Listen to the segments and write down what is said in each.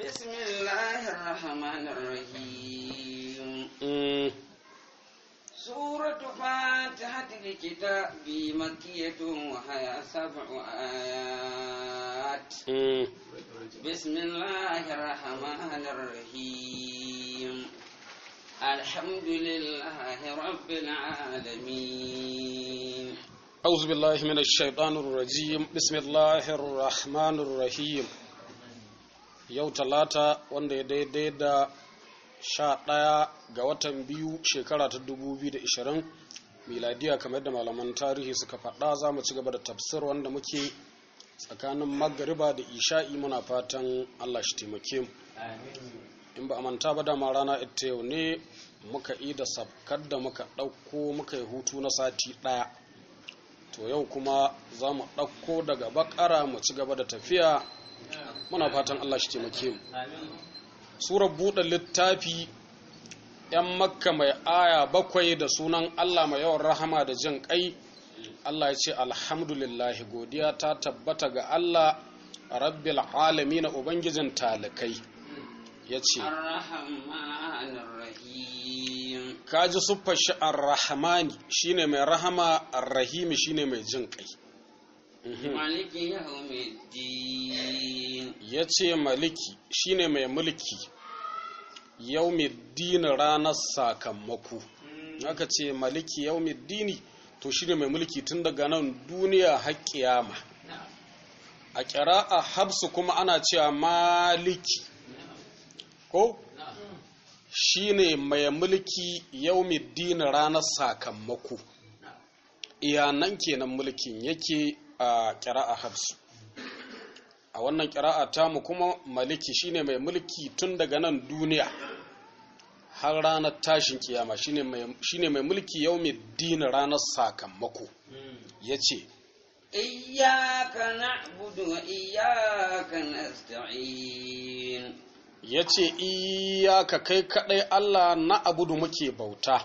بسم الله الرحمن الرحيم سورة فاتحة الكتاب مكية وهي سبع آيات بسم الله الرحمن الرحيم الحمد لله رب العالمين أعوذ بالله من الشيطان الرجيم بسم الله الرحمن yau talata wanda ya daidai da sha ɗaya ga watan biyu shekara ta dubu biyu da ishirin miladiya kamar da malaman tarihi suka faɗa za mu ci gaba da tafsir wanda muke tsakanin magariba da isha'i muna fatan allah shi taimake mu in ba a manta ba dama rana ita yau ne muka yi da sabkar da muka ɗauko muka yi hutu na sati ɗaya to yau kuma za mu ɗauko daga bakara mu ci gaba da tafiya muna fatan Allah shi taimake mu surar buɗe littafi ‘yan makka mai aya bakwai da sunan Allah mai yawan rahama da jin ƙai Allah ya ce alhamdulillahi godiya ta tabbata ga Allah rabbil alamin ubangijin talakai ya ce ka ji siffar shi ar-rahmani shine mai rahama ar-rahimi shine mai jin kai mhm. maliki yawmiddin yace maliki shine mai mulki yawmiddin ranar sakamako mm. aka ce maliki yawmiddini to shine mai mulki tun daga nan duniya har kiyama a a habsu kuma ana cewa maliki ko shine mai mulki yaumiddin ranar sakamako iyanan kenan mulkin yake a a hafsu a wannan a tamu kuma maliki shine mai mulki tun daga nan duniya har ranar tashin kiyama shine mai mulki yaumiddin ranar sakamako yace iyyaka na'budu wa iyyaka nasta'in ya ce iyaka kai kaɗai Allah na abudu muke bauta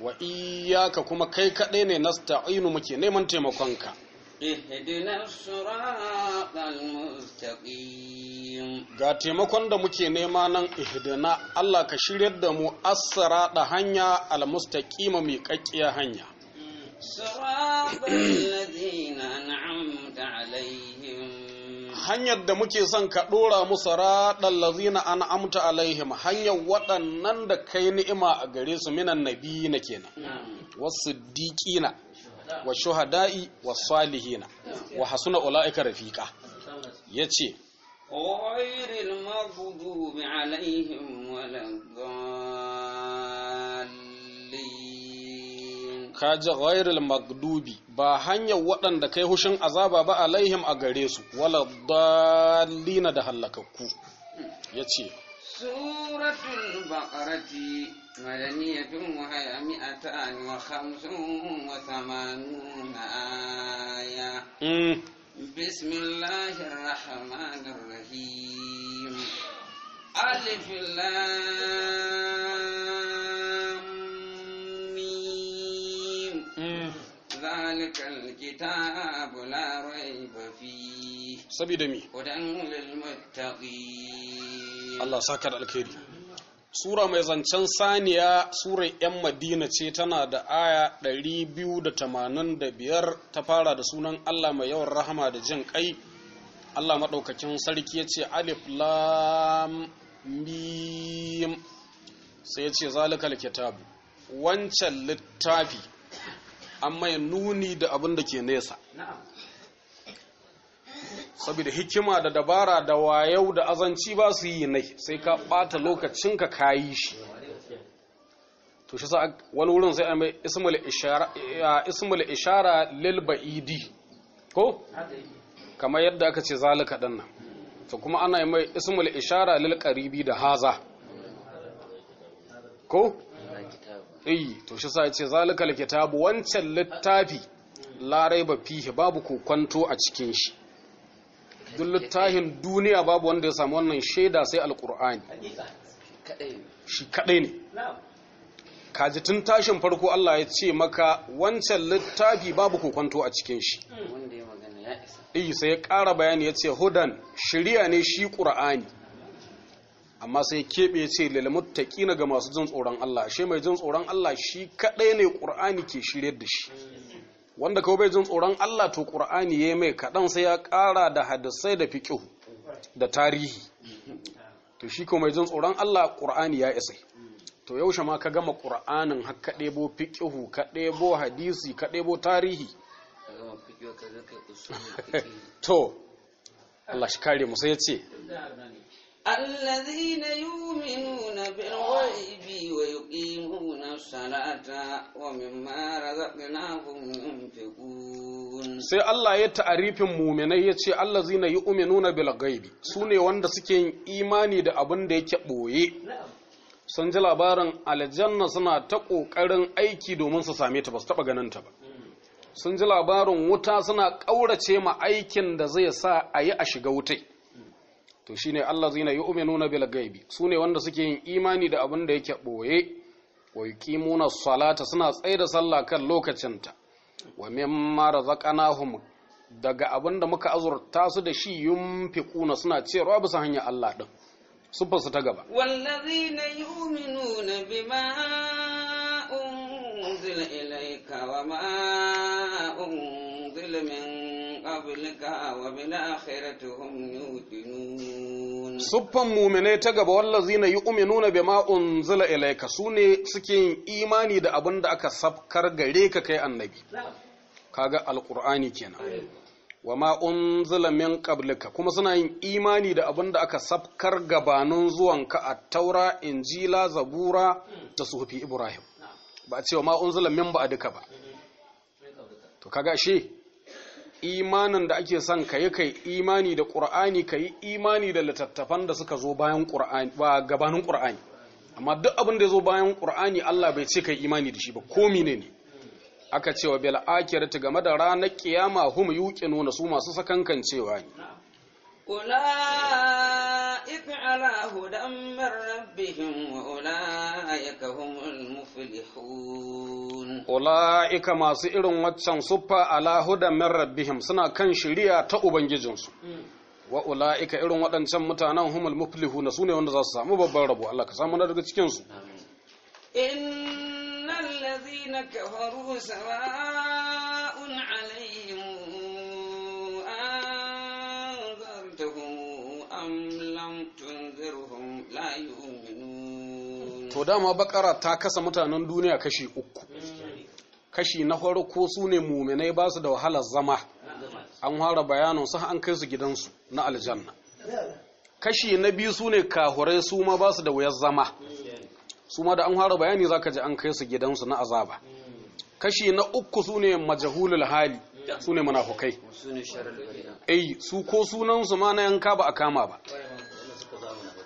wa iyaka kuma kai kaɗai ne na sta'inu muke neman taimakonka ga taimakon da muke nema nan ihdina Allah ka shiryar da mu asara da hanya almustaqima mai kakkiya hanya hanyar da muke son ka ɗora musu raɗar lazina an amta alaihim hanyar waɗannan da kai ni'ima a gare su minan nabi na kenan wasu diƙina wa shuhada'i wa salihina wa hasuna ula'ika rafiƙa ya ce alaihim ka ji ghairil magdubi ba hanyar waɗanda kai hushin azaba ba alaihim a gare su wala dallina da halakakku ya ce suratul baqarati madaniyatun wa hiya mi'atan wa khamsun wa thamanuna aya mm. bismillahir rahmanir rahim alif lam ذلك الكتاب لا ريب فيه سبيد مي هدى للمتقين Sura mai zancen saniya Sura 'yan Madina ce tana da aya 285 ta fara da sunan Allah mai yawan rahama da jin ƙai. Allah maɗaukakin sarki ya ce Alif Lam sai ya ce zalikal kitabu wancan littafi an mai nuni da abin da ke nesa saboda hikima da dabara da wayau da azanci ba su yi nai sai ka bata lokacinka ka yi shi to shi sa wani wurin sai a mai ismul ishara lil ba'idi ko kamar yadda aka ce zalika din nan to kuma ana mai ismul ishara lil da haza ko ai to shi sa yace zalikal kitabu wancan littafi la raiba fihi babu kokonto a cikin shi duk littafin duniya babu wanda ya samu wannan shaida sai alqur'ani shi kadai ne kaji tun tashin farko Allah ya ce maka wancan littafi babu kokwanto a cikin shi hmm. wanda ya magana ya isa sai ya ƙara bayani ce hudan shiriya ne shi qur'ani amma sai keɓe ce na ga masu jin tsoron Allah shi mai jin tsoron Allah shi kaɗai ne ƙur'ani ke shirye da shi wanda kawai bai jin tsoron Allah to ƙur'ani ya mai kaɗan sai ya ƙara da hadisai da fiƙihu da tarihi to shi ko mai jin tsoron Allah ƙur'ani ya isa to yaushe ma ka gama ƙur'anin har ɗebo fiƙihu ka hadisi ka ɗebo tarihi to Allah shi kare mu ya ce الذين يؤمنون بالغيب ويقيمون الصلاة ومما رزقناهم ينفقون sai Allah ya ta'arifin muminai ya ce allazina yu'minuna bil ghaibi sune wanda suke yin imani da abin da yake ɓoye. sun ji labarin aljanna suna ta ƙoƙarin aiki domin su same ta ba su taɓa ganin ta ba mm. sun ji labarin wuta suna ƙaurace ma aikin da zai sa a yi a shiga wutai to shine allazina yu'minuna bil ghaibi sune wanda suke yin imani da abin da yake ɓoye wa yuqimuna salata suna tsaye sallah kan lokacinta wa mimma razaqnahum daga abin da muka azurta su da shi yunfiquna suna cewa bisa hanya Allah din sufarsu ta gaba wallazina yu'minuna bima unzila ilayka wa ma Suffan muminai ta gaba yuqinun suffan yi ta gaba bai yu'minuna bima unzila su sune suke yin imani da abin da aka safkar gare ka kai annabi kaga Alƙur'ani kenan wa ma'un min ƙablika kuma suna yin imani da abin da aka safkar gabanin zuwanka a taura injila zabura da suhufi ibrahim ba a ce wa ma min ba a duka ba to kaga shi imanin da ake son kai kai imani da qur'ani kai imani da littattafan da suka zo bayan qur'ani ba gabanin qur'ani amma duk abin da ya zo bayan qur'ani Allah bai ce kai imani da shi ba ko menene aka cewa bil akhirati game da ranar kiyama hum na su masu sakankancewa ne أولئك على هدى من rabbihim ula'ika masu irin waccan suffa ala hudan min rabbihim suna kan shiriya ta ubangijinsu wa ula'ika irin waɗancan mutanen humul muflihu na sune wanda za su samu babban rabu. Allah ka samu na daga cikin su innal ladzina kafaru sawa'un alaihim am lam tunzirhum la yu'minun to dama bakara ta kasa mutanen duniya kashi uku kashi na farko su ne muminai ba su da wahalar zama an fara bayanin su an kai su gidansu na aljanna kashi na biyu su ne kahurai su ma ba su da wuyar zama su ma da an fara bayani za ka ji an kai su gidansu na azaba kashi na uku su ne majahulul hali su ne munafukai ai su ko sunansu ma na yanka ba a kama ba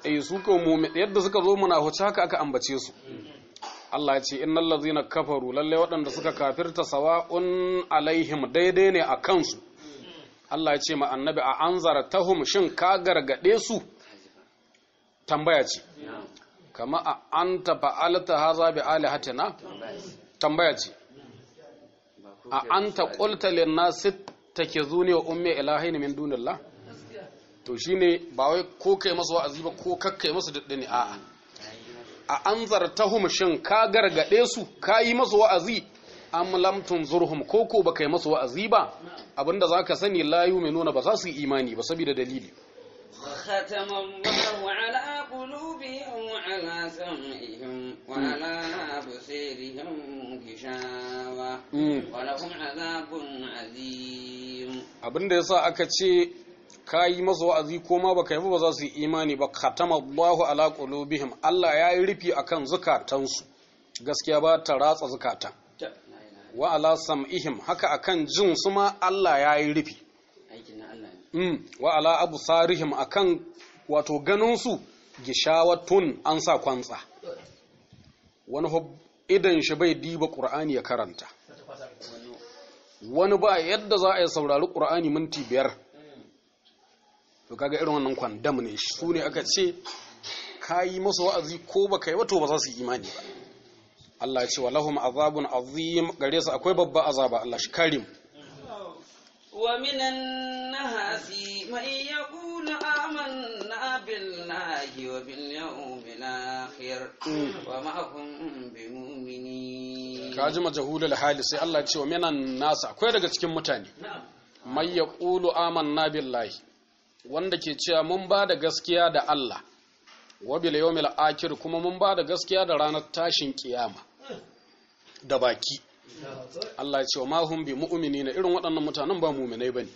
ai su ko yadda suka zo munafuci haka aka ambace su Allah ya ce innal ladzina kafaru lalle waɗanda suka kafirta sawa'un alaihim daidai ne a kansu Allah ya ce ma annabi a tahum shin ka gargade su tambaya ce kama a anta fa'alta haza bi alihatina tambaya ce a anta qulta lin nas takizuni wa ummi ilahin min dunillah to shine ba wai ko kai masa wa'azi ba ko kakkai masa daddani a'a a an hum shin ka gargade su ka yi masu wa'azi lamtun zurhum ko koko ba kai masu wa'azi ba abinda za ka sani la nuna ba za su yi imani ba saboda dalili hmm. hmm. abinda ya sa yasa aka ce ka yi masa wa'azi ko ma baka yi ba za su yi imani ba khatama Allahu ala qulubihim Allah ya yi rufi akan zukatansu gaskiya ba ta ratsa zukata wa ala sam'ihim haka akan jin su ma Allah ya yi rufi mm wa ala absarihim akan wato ganinsu su gishawatun an sa kwantsa wani idan shi bai diba qur'ani ya karanta wani ba yadda za a yi saurari qur'ani minti biyar to kaga irin wannan kwandam ne su ne aka ce ka yi masa wa'azi ko ba ka yi wato to ba za su yi imani ba Allah ya ce wa lahum azabun azim gare su akwai babba azaba Allah shi karim wa minan nahasi man yaqulu amanna billahi wa bil yawmil akhir mm. wa ma hum bimu'minin kaji majhulul hali sai Allah ya ce wa minan nas akwai daga cikin mutane man yaqulu amanna billahi wanda ke cewa mun ba da gaskiya da Allah wabil yawmil akhir kuma mun ba da gaskiya da ranar tashin kiyama da baki Allah ya ce wa mahum bi mu'minina irin waɗannan mutanen ba mu'minai bane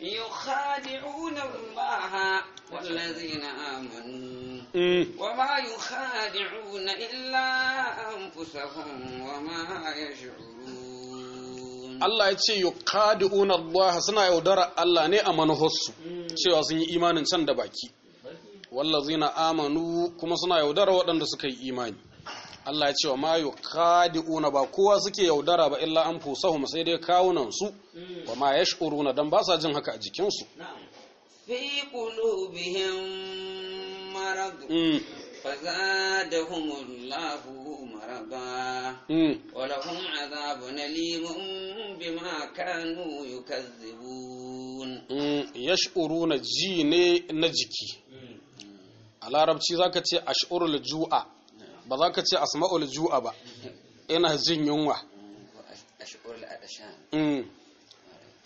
yukhadi'una Allah wallazina amanu mm. wama yukhadi'una illa anfusahum wama yash'urun Allah ya ce yuqadi'una Allah suna yaudara Allah ne a manufarsu mm. cewa sun yi imanin can da baki wallazina amanu kuma suna yaudara waɗanda suka yi imani Allah ya ce wa ma yuqadi'una ba kowa suke yaudara ba illa an fusahu sai dai kawunan su mm. wa ma yash'uruna dan ba sa jin haka a jikinsu fi qulubihim marad mm. فزادهم الله مرضا ولهم عذاب أليم بما كانوا يكذبون يشعرون جيني نجكي a larabci za ka ce ash'urul ju'a ba za ka ce asma'ul ju'a ba ina jin yunwa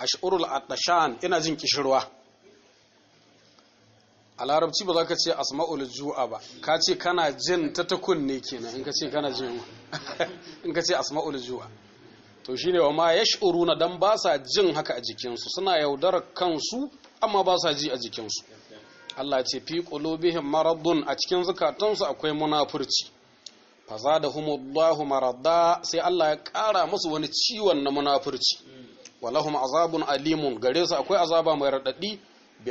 ash'urul adashan ina jin kishirwa a larabci ba za ka ce asma'ul ju'a ba ka ce kana jin ta ta kunne kenan in ka ce kana jin in ka ce asma'ul ju'a to shine wa ma na dan ba sa jin haka a jikinsu suna yaudarar kansu amma ba sa ji a jikinsu Allah ce fi qulubihim maradun a cikin zukatunsu akwai munafurci fazadahumullahu marada sai Allah ya ƙara musu wani ciwon na munafurci walahum azabun alimun gare akwai azaba mai raɗaɗi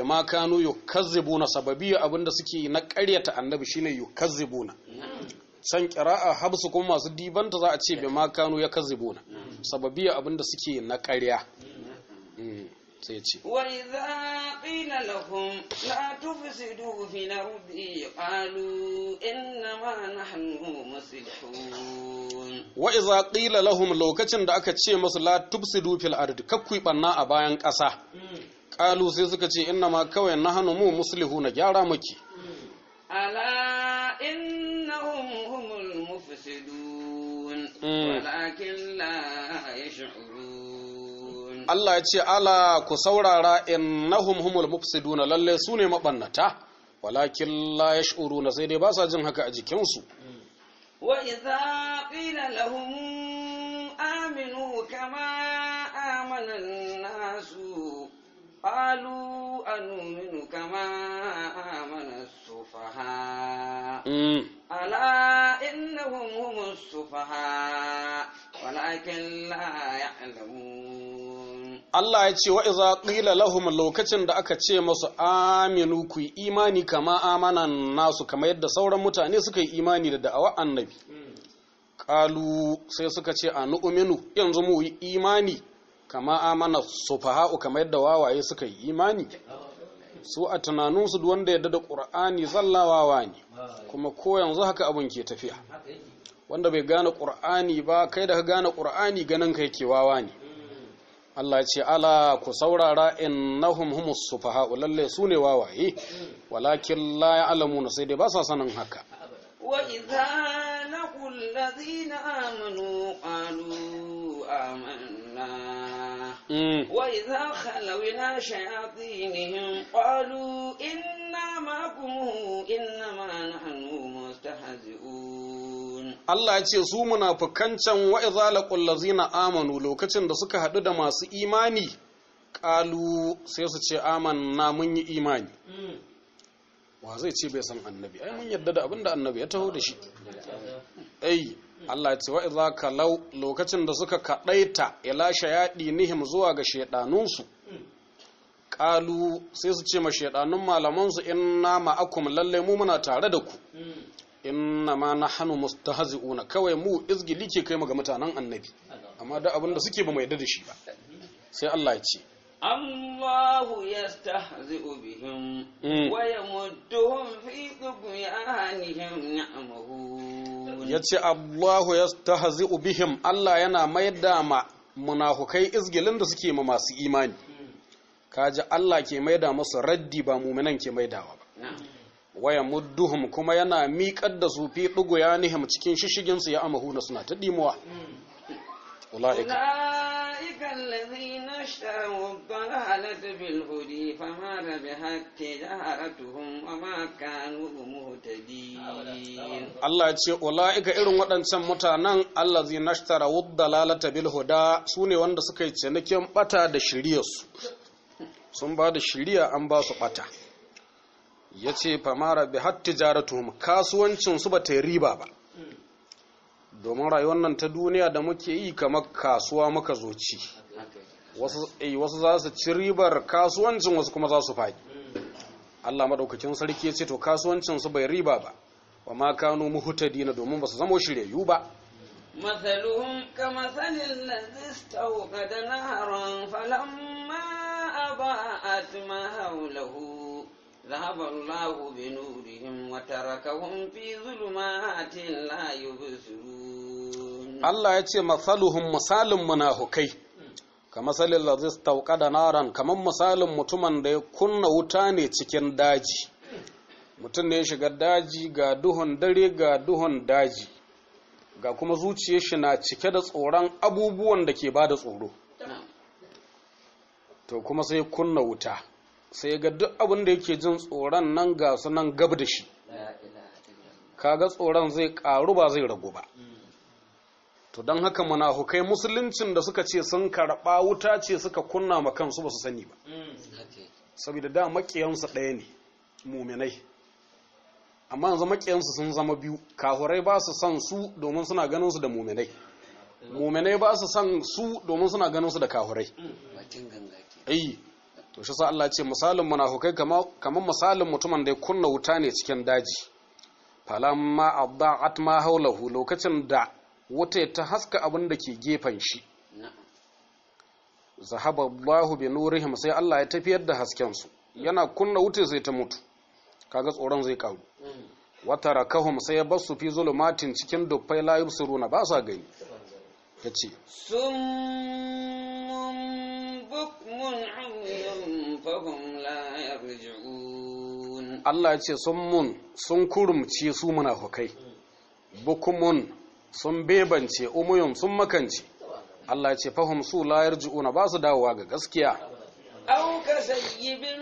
ma kanu yukazzibuna sababiyya abinda suke na ƙaryata annabi shine yukazzibuna san qira'a habsu kuma masu dibanta za a ce ma kanu yakazzibuna sababiyya abinda suke na ƙarya mm, sai ce lahum la tufsidu fi تفسدوا qalu inna ma nahnu muslihun wa idza qila lahum lokacin da aka ce masu la tufsidu fil ardi kakku banna a bayan ƙasa mm. Kalu sai suka ce inna ma kawai na hannu mu muslihu na gyara muke ala innahum humul mufsidun hmm. walakin la yash'urun Allah ya ce ala ku saurara innahum humul mufsiduna lalle su ne mabannata walakin la yash'uruna sai dai ba sa jin haka a jikinsu wa idza qila lahum aminu kama amana قالوا أنؤمن كما آمن السفهاء ألا إنهم هم السفهاء ولكن لا يعلمون Allah ya ce wa iza qila lahum lokacin da aka ce masu aminu ku imani kama amanan nasu kama yadda sauran mutane suka yi imani da da'awa annabi ƙalu sai suka ce a nu'minu yanzu mu yi imani kama amana sufaha'u kamar yadda wawaye suka yi imani su a tunaninsu duwanda wanda yadda da zalla wawa ne kuma ko yanzu haka abin ke tafiya wanda bai gane ƙur'ani ba kai da ka gane ƙura'ani ganin kai ke wawa ne Allah ce ala ku saurara in innahum humus sufaha'u lalle su ne wawaye walakin la na sai dai ba sa sanin haka wa Mm. وإذا خلوا إلى شياطينهم قالوا إنا معكم إنما نحن مستهزئون Allah ya ce su munafukan can wa idza laqul ladzina amanu lokacin da suka haɗu da masu imani ƙalu sai su ce amanna mun yi imani mm. wa zai ce bai san annabi ai mun yarda da abinda annabi ya taho da shi mm. Allah ya ce wa idza kalau lokacin da suka kadaita ila shayadi nihim zuwa ga shedanunsu qalu sai su ce ma shedanun malaman su inna ma'akum lalle mu muna tare da ku inna ma nahnu mustahzi'una kawai mu izgili ke kai mu ga mutanen annabi amma da abin da suke ba maida da shi ba sai Allah ya ce الله يستهزئ بهم ويمدهم في طغيانهم يعمهون يتي الله يستهزئ بهم الله yana maida ma munafukai izgilin da suke ma masu imani mm. kaji Allah ke maida musu raddi ba muminan ke maidawa ba waya mudduhum kuma yana miƙar da su fi ɗugu ya nihim cikin shishigin su ya amahuna suna ta ɗimuwa. Mm. ula'ika جاهلت بالهدي فما ربحت تجارتهم وما كانوا مهتدين الله يتشي أولئك إرم ودن سمتانا الذي نشتر الضلالة بالهدى سوني واند سكي تنكيم بطا دشريس sun ba da shiriya an ba su bata ya ce famara bi hatti jaratuhum kasuwancinsu ba ta riba ba domin rayuwar nan ta duniya da muke yi kamar kasuwa muka zoci Eh, wasu za su ci ribar kasuwancin wasu kuma za su faƙi Allah maɗaukacin sarki ya ce to kasuwancinsu bai riba ba wa ma kano muhuta dina domin ba su shirya shiryayyu ba matsaluhun kama sanin na zistau ga da na falon ma ba a tuma haulahu zahaballahu bi nurihim wa tarakahum fi zulumatin la yubsirun Allah ya ce matsaluhun misalin munafukai ka masalin lazis tauka da naran kamar misalin mutumin da ya kunna wuta ne cikin daji mutum ne ya shiga daji ga duhun dare ga duhun daji ga kuma zuciyar shi na cike da tsoron abubuwan da ke ba da tsoro to kuma sai kunna wuta sai ga duk abin da yake jin tsoron nan ga su nan gab da shi kaga tsoron zai karu ba zai ragu ba to don haka munafukai musuluncin da suka ce sun karɓa wuta ce suka kunna ma kansu ba su sani ba saboda da makiyansu ɗaya ne muminai amma yanzu makiyansu sun zama biyu kahurai ba su san su domin suna ganin su da muminai muminai ba su san su domin suna ganin su da kahurai ayi to shi sa Allah ce misalin munafukai kamar misalin mutumin da ya kunna wuta ne cikin daji falamma adda'at ma haulahu lokacin da wuta ta haska abin da ke gefen shi zahaba Allahu bi nurihim sai Allah ya tafiyar da hasken su yana kunna wuta sai ta mutu kaga tsoron zai karu mm. wata rakahum sai ya su fi zulumatin cikin dubbai la yubsiruna ba sa gani yace summun bukmun umyun fahum la yarji'un Allah yace summun sun kurumce su munafukai mm. bukumun sun bebance umuyun sun makance Allah ce fahim su la yarji'una ba su dawowa ga gaskiya aw kasayyibin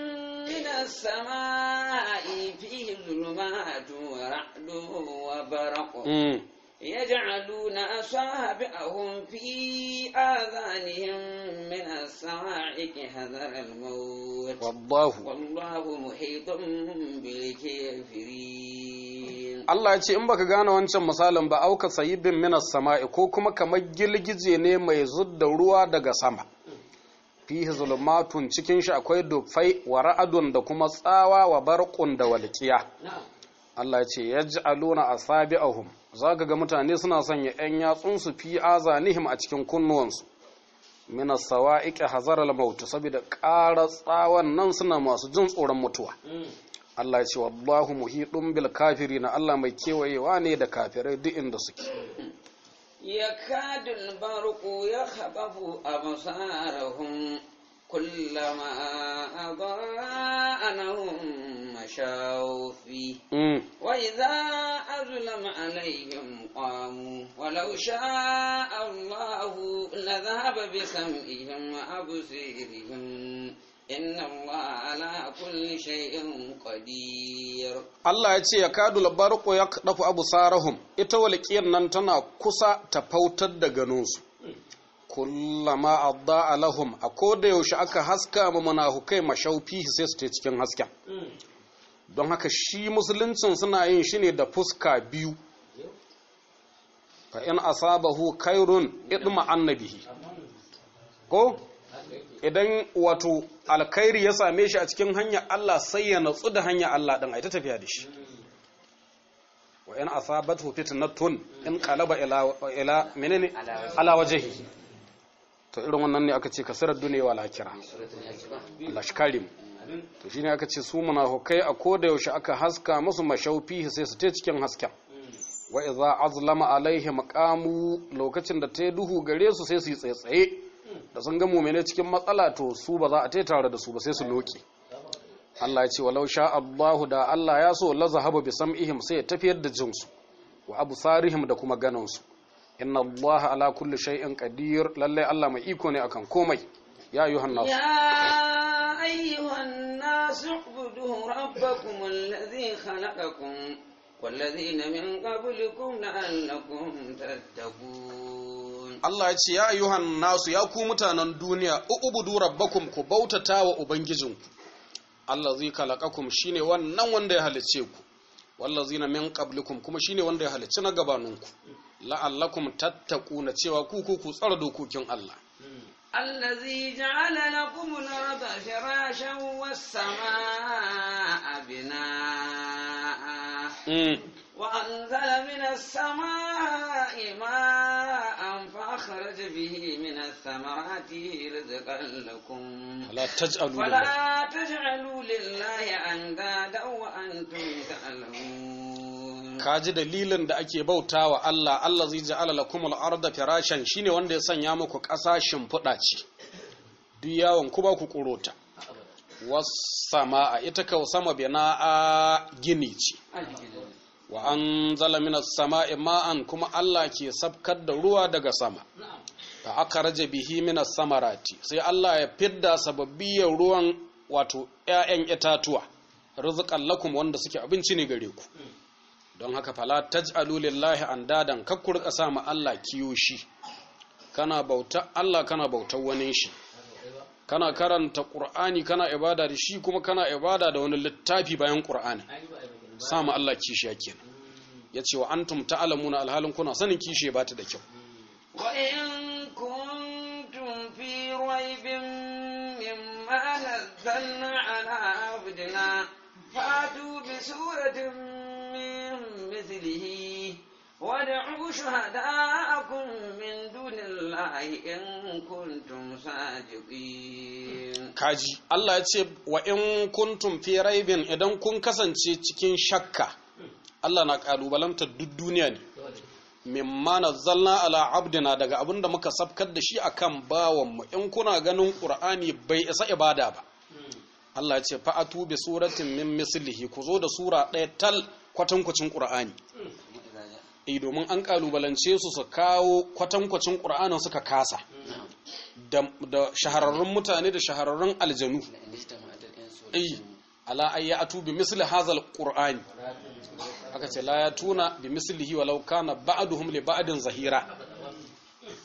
min as-samaa'i fihi dhulumatun wa ra'dun wa baraqun mm. yaj'aluna asabi'ahum fi adhanihim min as-sama'i hadar al-maut wallahu wallahu muhitun bil Allah ya ce in baka gane wancan misalin ba auka sayibin minas sama'i ko kuma kamar gilgije ne mai zudda ruwa daga sama fihi zulmatun cikin shi akwai dufai wa ra'adun da kuma tsawa wa barqun da walqiya Allah ya ce yaj'aluna asabi'ahum zaka ga mutane suna sanya 'yan yatsun su fi azanihim a cikin kunnuwansu minas sawa'iq hazar al-maut saboda ƙara tsawan nan suna masu jin tsoron mutuwa mm. Allah ya ce wallahu muhidun bil kafirin Allah mai kewayewa ne da kafirai duk inda suke yakadul barqu yakhafu absarahum kullama adha'anahum mashaw fi wa idza azlama alaihim qamu walau sha'a Allahu la dhahaba bi sam'ihim wa absirihim إن الله على كل شيء قدير الله ita يكاد nan tana kusa ta ننتنا da تفوتد دغنوس kullama adda alahum a koda yaushe aka haska ma munafukai mashaufi sai su cikin hasken don haka shi musuluncin suna yin shi ne da fuska biyu fa in asabahu khairun idma annabihi ko idan wato alkhairi ya same shi a cikin hanyar Allah sai ya natsu da hanyar Allah din yi ta tafiya da shi wa in na tun in kalaba ila ila menene ala wajhi to irin wannan ne aka ce kasarar duniya wal akhirah Allah shi ne aka ce su hukai a kodayaushe yaushe aka haska musu mashaufi sai su ta cikin hasken wa idza azlama alaihi makamu lokacin da ta duhu gare su sai su yi tsaye tsaye da sun ga mu'mine cikin matsala to su ba za a tai tare da su ba sai su loke Allah ya ce walau sha Allahu da Allah ya so laza zahaba bi sam'ihim sai ya tafiyar da jinsu wa abu absarihim da kuma ganansu inna Allah ala kulli shay'in qadir lalle Allah mai iko ne akan komai ya ayyuhan nas ya ayyuhan nas ubudu rabbakum alladhi khalaqakum والذين من قبلكم لعلكم تتقون Allah ya ce ya ayyuhan nasu ya ku mutanen duniya ubudu rabbakum ku bautata wa ubangijin ku. Allah zai kalakakum shine wannan wanda ya halice ku na min qablikum kuma shine wanda ya halice na gabaninku la'allakum tattaquna cewa ku ku ku tsara dokokin Allah lakum al-arda الأرض was والسماء bina'a mm. وأنزل من السماء ماء فأخرج به من الثمرات رزقا لكم فلا تجعلوا, فلا تجعلوا لله أندادا وأنتم تعلمون kaji dalilin da ake bauta wa Allah Allah zai ja'ala lakum al-arda firashan shine wanda ya sanya muku ƙasa shimfiɗa ce duk yawon ku ba ku kurota was sama'a ita sama bina'a gini ce wa an zala sama ma'an kuma Allah ke sabkar da ruwa daga sama ta aka raje bihi minas samarati sai Allah ya fidda sababbiyar ruwan wato 'ya'yan itatuwa rizikan lakum wanda suke abinci ne gare ku don haka fala taj'alu lillahi andadan kakkur ƙasa ma Allah shi kana bauta Allah kana bautar wani shi kana karanta Qur'ani kana ibada da shi kuma kana ibada da wani littafi bayan Qur'ani sama Allah kishiya kenan ya ce wa antum ta'lamuna alhalin kuna sanin kishiya ba ta da kyau wa in kuntum fi raibin mimma nazzalna ala abdina fatu bi suratin وادعوا شهداءكم من دون الله إن كنتم صادقين كاجي الله يتي وإن كنتم في ريب إذن كن كسنتي cikin shakka Allah na kalubalanta duk duniya ne mimma nazzalna ala abdina daga da muka sabkar da shi akan mu in kuna ganin qur'ani bai isa ibada ba Allah ya ce fa'atu bi suratin min mislihi ku zo da sura ɗaya tal kwatankwacin qur'ani E domin an kalubalance su su kawo kwatankwacin ƙur'anin suka kasa da shahararrun mutane da shahararrun aljanu eh ala ayyatu bi misli hazal qur'ani aka ce la ya tuna bi mislihi walau kana ba'duhum li ba'din zahira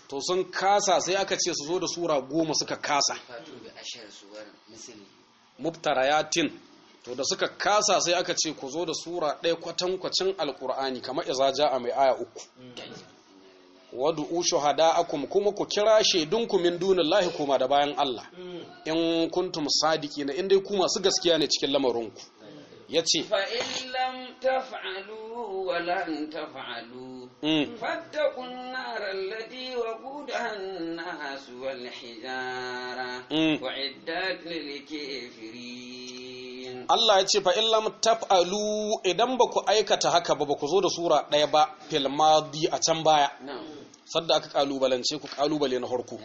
to sun kasa sai aka ce su zo da sura goma suka kasa mubtarayatin to da suka kasa sai aka ce ku zo da sura ɗaya kwatankwacin alkur'ani kamar iza a mai aya uku wadu'u akum kuma ku kira shaidunku min lahi kuma da bayan Allah in kuntum sadiki in dai ku masu gaskiya ne cikin lamarinku yace fa in ta fa’alu wa lan Fadda mm. kunna nar allati wa gudan na wal hijara wa’idda mm. lalike firi? Allah ya ce fa in lam taf'alu idan ba ku aikata haka ba ba ku zo da sura ɗaya ba fil madi a can baya sadda aka kalubalance ku kalubale na harku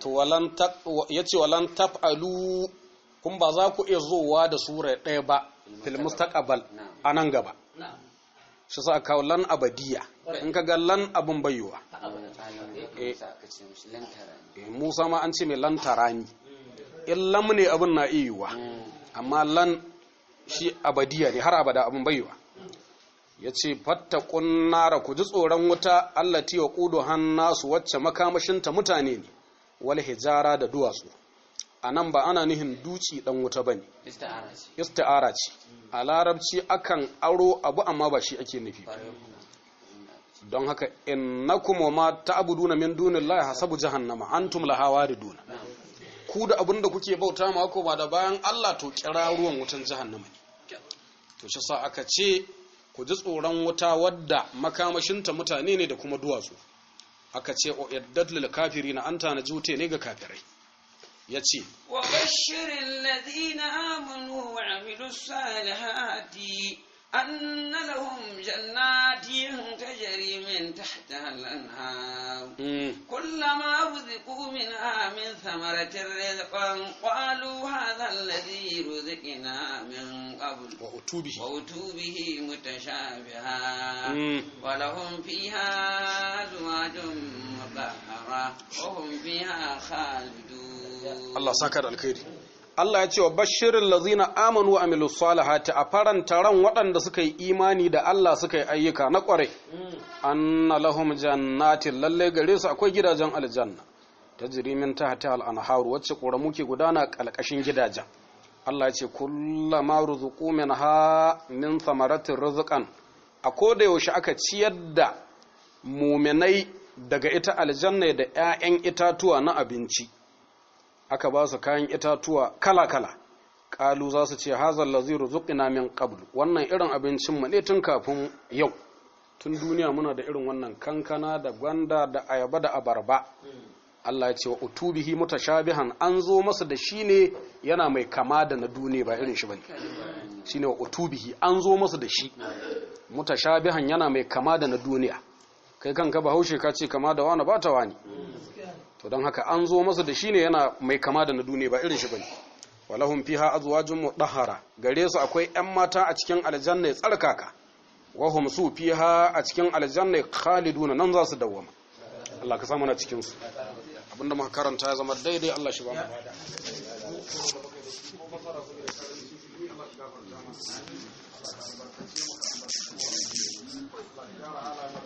to walan ta yace walan taf'alu kun ba za ku iya zowa da sura ɗaya ba fil mustaqbal anan gaba shi sa kawo lan abadiya in ka ga lan abin bayuwa eh. eh, Musa ma an ce mai lantara ni in lam ne abin na iya amma lan shi abadiya ne har abada abin baiwa ya ce fatta kunnara ku ji tsoron wuta allati wa hannu hannasu wacce makamashinta mutane ne wal hijara da duwatsu a nan ba ana nihin duci dan wuta ba ne Ara ce a larabci akan aro abu amma ba shi ake nufi don haka in na kuma ma ta abu duna min dunillahi hasabu jahannama Hawa da duna ku da abin da kuke bauta mako ba da bayan Allah to kira ruwan wutan jahannama to shi sa aka ce ku ji tsoron wuta wadda makamashinta mutane ne da kuma duwatsu aka ce o yaddad lil na an na jute ne ga kafirai yace wa bashiril ladina amanu wa amilus salihati أن لهم جنات تجري من تحتها الأنهار كلما رزقوا منها من ثمرة رزقا قالوا هذا الذي رزقنا من قبل وأتوا به, وأتوا به متشابها ولهم فيها أزواج مطهرة وهم فيها خالدون الله سكر الكريم Allah ya ce wa bashirin lazina amanu wa amilu salihati a faranta ran waɗanda suka yi imani da Allah suka yi ayyuka na ƙware anna lahum jannatin lallai gare su akwai gidajen aljanna ta min ta hata al'anharu wacce ƙura muke gudana ƙalƙashin gidajen Allah ya ce ma ruzuku min ha min samaratin ruzukan a koda yaushe aka ciyar da muminai daga ita aljanna da 'ya'yan itatuwa na abinci aka ba su kayan itatuwa kala-kala ƙalu za su ce hazal lazi ruzuqina min qabl wannan irin abincin mu ne tun kafin yau tun duniya muna da irin wannan kankana da gwanda da ayaba da abarba Allah ya ce wa utubihi mutashabihan an zo masa da shi ne yana mai kama da na duniya ba irin shi bane ne wa utubihi an zo masa da shi mutashabihan yana mai kama da na duniya kai kanka bahaushe ka ce kama da wani ba ta wani to don haka an zo masa da shi ne yana mai kama da na duniya ba irin shi bane walahum fiha azwajun mudahhara gare su akwai ƴan mata a cikin aljanna tsarkaka wa su fiha a cikin khalidu na nan za su dawama Allah ka samu na cikin su abinda muka karanta ya zama daidai Allah shi ba mu